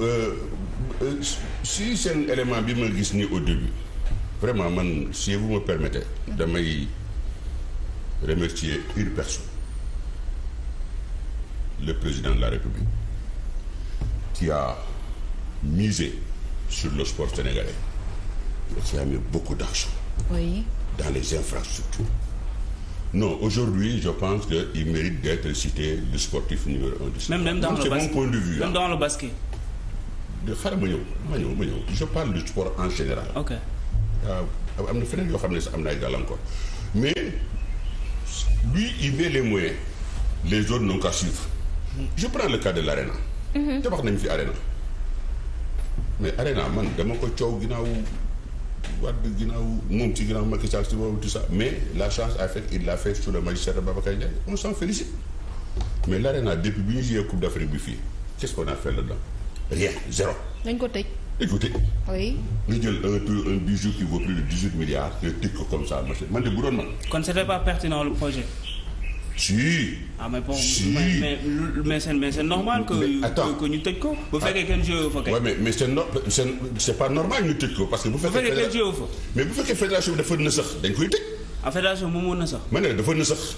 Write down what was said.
Euh, euh, si seen élément bi ma gis ni au début vraiment man si vous me permettez damay remercier une personne le président de la République qui a misé sur le sport sénégalais mais qui a mis beaucoup d'argent dans les infrastructures non aujourd'hui je pense que il mérite d'être cité le sportif numéro un du Sénégal même, dans le basket xaaral ma ñëw ma ñëw ma ñëw je parle du sport en général. ok waaw euh, am na feneen yoo xam ne sax am na ay gàllankoor mais lui il met les moyens les autres n'ont qu'à suivre. je prends le cas de l' arena. Mhm. tabax nañ fi arena. mais arena man dama ko coow ginnaaw wàdd ginnaaw moom ci ginnaaw Macky Sall ci boobu tout ça mais la chance a fait l'a fait sous le magistère de Babacar Ndiaye on s'en félicite mais l' arena depuis bi ñu joué coupe d' bi fii qu'est-ce qu'on a rien zéro. dañ ko tëj. écoutez. oui nga jël un un bijou qui vaut plus de dix huit milliards nga tëj ko comme ça monsieur man de bu doon man. kon c'était pas pertinent le projet. si. ah mais bon mais mais normal que que ñu tëj ko. bu fekkee kenn jëyoo fa kay. waaw mais mais c'est no c'est c'est pas normal ñu tëj ko parce que. bu fekkee kenn jëyoo fa. mais bu fekkee fédération dafa na dañ koy tëj. ah fédération moom moo na sax. ma ne dafa na